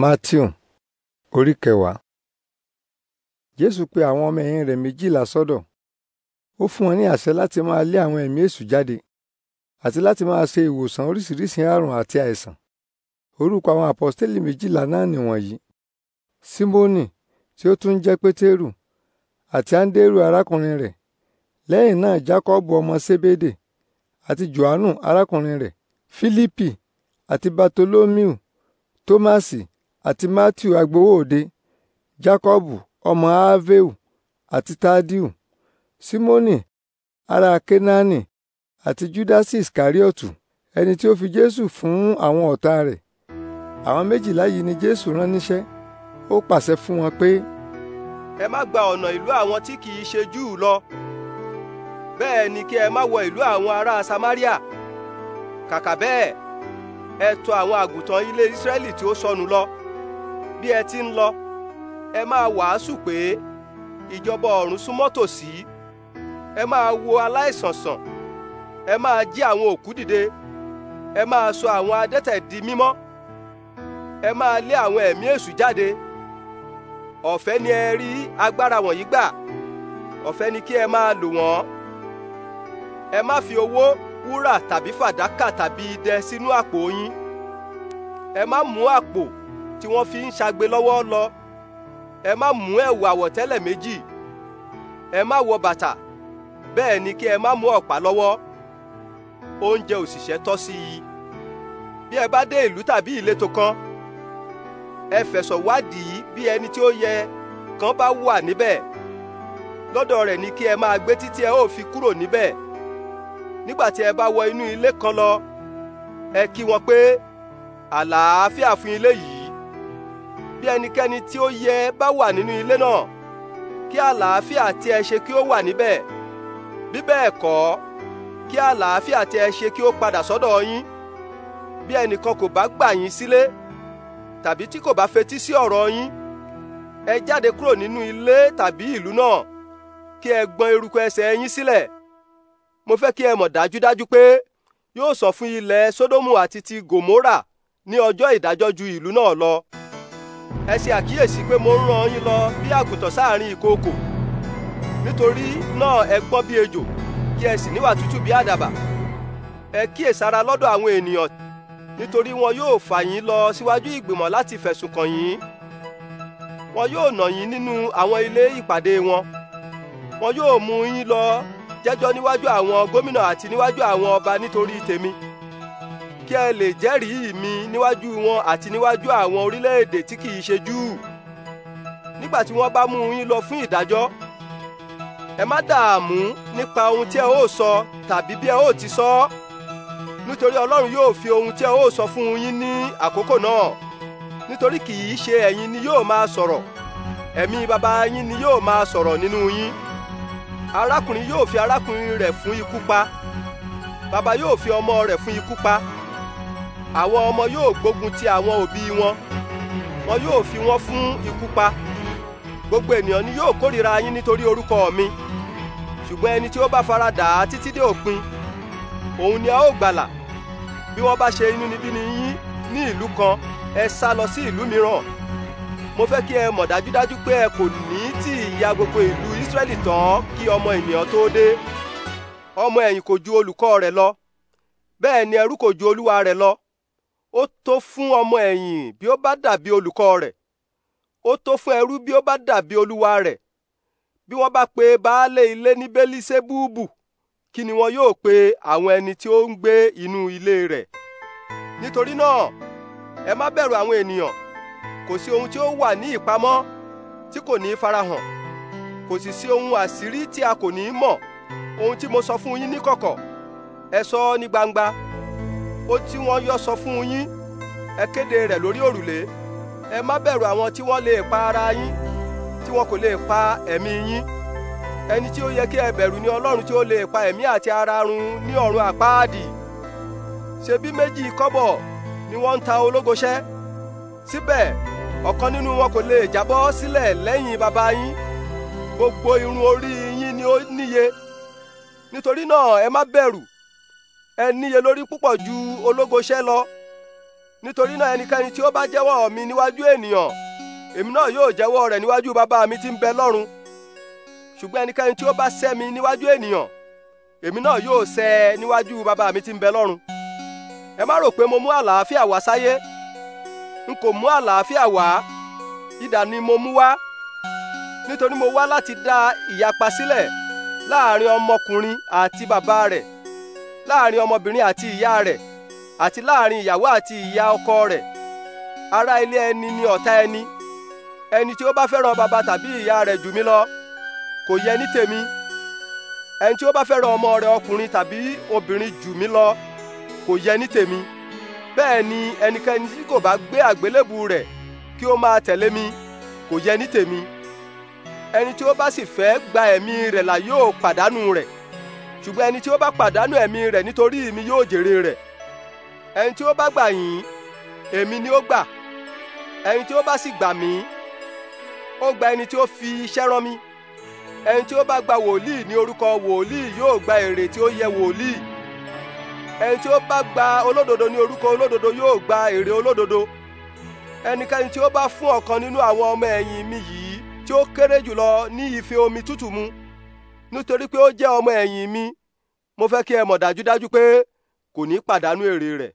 Matthew orí kẹwàá. Jésù pe àwọn ọmọ ẹ̀yìn rẹ̀ méjìlá sọ́dọ̀. Ó fún wọn ní àṣẹ láti máa lé àwọn ẹ̀mí èṣù jáde àti láti máa ṣe ìwòsàn oríṣiríṣi àrùn àti àìsàn. Orúkọ àwọn àpọ́stélì méjìlá náà nìwọ̀nyí. Símónì tí ó tún jẹ́ Pétérù àti Áńdérù arákùnrin rẹ̀. Lẹ́yìn náà Jákọ́bù ọmọ Sébédè àti Jòhánù arákùnrin rẹ̀. Fílípì àti Bartolómíù. Tómásì àti Matthew agbowó òde Jakọbu ọmọ Alfeu àti Tadiu Simoni ara Kenani àti Judasi Iskariotu ẹni tí ó fi Jésù fún àwọn ọ̀tá rẹ̀ àwọn méjìlá yìí ni Jésù rán níṣẹ́ ó pàṣẹ fún wọn pé. ẹ má gba ọ̀nà ìlú àwọn tí kì í ṣe Júù lọ bẹ́ẹ̀ ni kí ẹ má wọ ìlú àwọn ará Samaria kàkà bẹ́ẹ̀ ẹ tọ̀ àwọn àgùntàn ilé Ísírẹ́lì tí ó sọnù lọ bí ẹ ti ń lọ ẹ máa wàásù pé ìjọba ọ̀run súnmọ́ tòsí ẹ máa wo aláìsàn ẹ máa jí àwọn òkú dìde ẹ máa sọ àwọn adẹ́tẹ̀ di mímọ́ ẹ máa lé àwọn ẹ̀mí èṣù jáde ọ̀fẹ́ ni ẹ rí agbára wọ̀nyí gbà ọ̀fẹ́ ni kí ẹ máa lò wọ́n ẹ má fi owó wúrà tàbí fàdákà tàbí idẹ sínú àpò yín ẹ má mú àpò tí wọ́n fi ń ṣagbe lọ́wọ́ lọ ẹ má mú ẹ̀wù àwọ̀tẹ́lẹ̀ méjì ẹ má wọ bàtà bẹ́ẹ̀ ni kí ẹ má mú ọ̀pá lọ́wọ́ oúnjẹ òṣìṣẹ́ tọ́ sí i bí ẹ bá dé ìlú tàbí ìletò kan ẹ fẹ̀sọ̀ wádìí bí ẹni tí ó yẹ kan bá wà níbẹ̀ lọ́dọ̀ rẹ̀ ni kí ẹ máa gbé títí ẹ ó fi kúrò níbẹ̀ nígbà tí ẹ bá wọ inú ilé kan lọ ẹ kí wọn pé àlàáfíà fún ilé yìí bí ẹnikẹ́ni tí ó yẹ bá wà nínú ilé náà kí àlàáfíà tí ẹ ṣe kí ó wà níbẹ̀ bí bẹ́ẹ̀ kọ́ kí àlàáfíà tí ẹ ṣe kí ó padà sọ́dọ̀ yín bí ẹnìkan kò bá gbà yín sílé tàbí tí kò bá fetí sí ọ̀rọ̀ yín ẹ jáde kúrò nínú ilé tàbí ìlú náà kí ẹ gbọn eruku ẹsẹ̀ yín sílẹ̀ mo fẹ́ kí ẹ mọ̀ dájúdájú pé yóò sọ fún ilẹ̀ Sódómù àti ti Gòmórà ní ọjọ́ ìdájọ́ ju ìlú náà lọ ẹ ṣe àkíyèsí pé mo ń rán yín lọ bí àgùntàn sáàrin ìkookò nítorí náà ẹ gbọ́n bí ejò kí ẹ sì níwà tútù bí àdàbà ẹ kíyèsára lọ́dọ̀ àwọn ènìyàn nítorí wọn yóò fà yín lọ síwájú ìgbìmọ̀ láti fẹ̀sùn kàn yín wọn yóò nà yín nínú àwọn ilé ìpàdé wọn wọn yóò mú yín lọ jẹ́jọ́ níwájú àwọn gómìnà àti níwájú àwọn ọba nítorí tèmi kí ẹ lè jẹ́rìí mi níwájú wọn àti níwájú àwọn orílẹ̀-èdè tí kìí ṣe Júù nígbà tí wọ́n bá mú yín lọ fún ìdájọ́ ẹ má dààmú nípa ohun tí ẹ ó sọ tàbí bí ẹ ó ti sọ ọ́ nítorí Ọlọ́run yóò fi ohun tí ẹ ó sọ fún yín ní àkókò náà nítorí kì ṣe ẹ̀yin ni yóò máa sọ̀rọ̀ ẹ̀mí baba yín ni yóò máa sọ̀rọ̀ nínú yín arákùnrin yóò fi arákùnrin rẹ̀ fún ikú pa baba yóò fi ọmọ rẹ̀ fún ikú pa àwọn ọmọ yóò gbógun ti àwọn òbí wọn wọn yóò fi wọn fún ikú pa gbogbo ènìyàn ni yóò kórìíra yín nítorí orúkọ mi ṣùgbọ́n ẹni tí ó bá fara dà á títí dé òpin òun ni a ó gbàlà bí wọ́n bá ṣe inúnibíni yín ní ìlú kan ẹ sá lọ sí ìlú mìíràn mo fẹ́ kí ẹ mọ̀ dájúdájú pé ẹ kò ní tí ì ya gbogbo ìlú Ísírẹ́lì tán kí ọmọ ènìyàn tó dé ọmọ ẹ̀yìn kò ju olùkọ́ rẹ̀ lọ bẹ́ẹ̀ ni ẹrú kò ju olúwa rẹ̀ lọ ó tó fún ọmọ ẹ̀yìn bí ó bá dàbí olùkọ́ rẹ̀ ó tó fún ẹrú bí ó bá dàbí olúwa rẹ̀ bí wọ́n bá pe baálé ilé ní bélísébúùbù kí ni wọn yóò pe àwọn ẹni tí ó ń gbé inú ilé rẹ̀ nítorí náà ẹ má bẹ̀rù àwọn ènìyàn kò sí ohun tí ó wà ní ìpamọ́ tí kò ní í farahàn kò sì sí ohun àṣírí tí a kò ní í mọ̀ ohun tí mo sọ fún yín níkọ̀kọ̀ ẹ sọ ọ ní gbangba ó tí wọ́n yọ sọ fún yín ẹ kéde rẹ̀ lórí òrùlé ẹ má bẹ̀rù àwọn tí wọ́n lè pa ara yín tí wọn kò lè pa ẹ̀mí yín ẹni tí ó yẹ kí ẹ bẹ̀rù ni ọlọ́run tí ó lè pa ẹ̀mí àti ara run ní ọ̀run àpáàdì ṣebí méjì kọ́bọ̀ ni wọ́n ń ta ológoṣẹ́ síbẹ̀ ọ̀kan nínú wọn kò lè jábọ́ sílẹ̀ lẹ́yìn bàbá yín gbogbo irun orí yín ni ó níye nítorí náà ẹ má bẹ̀rù ẹ níye lórí púpọ̀ ju ológoṣẹ́ lọ nítorí náà ẹnikẹ́ni tí ó bá jẹ́wọ́ mi níwájú ènìyàn èmi náà yóò jẹ́wọ́ rẹ̀ níwájú bàbá mi tí ń bẹ lọ́run ṣùgbọ́n ẹnikẹ́ni tí ó bá sẹ́ mi níwájú ènìyàn èmi náà yóò sẹ́ ẹ níwájú bàbá mi tí ń bẹ lọ́run ẹ má rò pé mo mú àlàáfíà wá sáyé n kò mú àlàáfíà wá idà ni mo mú wá nítorí mo wá láti dá ìyapa sílẹ̀ láàrin ọmọkùnrin àti bàbá rẹ̀ láàrin ọmọbìnrin àti ìyá rẹ̀ àti láàrin ìyàwó àti ìyá ọkọ rẹ̀ ará ilé ẹni ni ọ̀tá ẹni ẹni tí ó bá fẹ́ràn bàbá tàbí ìyá rẹ̀ jù mí lọ kò yẹ ní tèmi ẹni tí ó bá fẹ́ràn ọmọ rẹ̀ ọkùnrin tàbí obìnrin jù mí lọ kò yẹ ní tèmi bẹ́ẹ̀ ni ẹnikẹ́ni tí kò bá gbé àgbélébù rẹ̀ kí ó máa tẹ̀lé mi kò yẹ ní tèmi ẹni tí ó bá sì fẹ́ gba ẹ̀mí rẹ̀ là yóò pàdánù rẹ̀ ṣùgbọ́n ẹni tí ó bá pàdánù ẹ̀mí rẹ̀ nítorí mi yóò jèrè rẹ̀ ẹni tí ó bá gbà yín èmi ni ó gbà ẹni tí ó bá sì gbà mí ó gba ẹni tí ó fi iṣẹ́ rán mi ẹni tí ó bá gba wòlíì ní orúkọ wòlíì yóò gba èrè tí ó yẹ wòlíì ẹni tí ó bá gba olódodo ní orúkọ olódodo yóò gba èrè olódodo ẹnikẹ́ni tí ó bá fún ọ̀kan nínú àwọn ọmọ ẹ̀yìn mi yìí tí ó kéré jùlọ ní ife omi tútù mu nítorí pé ó jẹ́ ọmọ ẹ̀yìn mi mo fẹ́ kí ẹ mọ̀ dájúdájú pé kò ní pàdánù èrè rẹ̀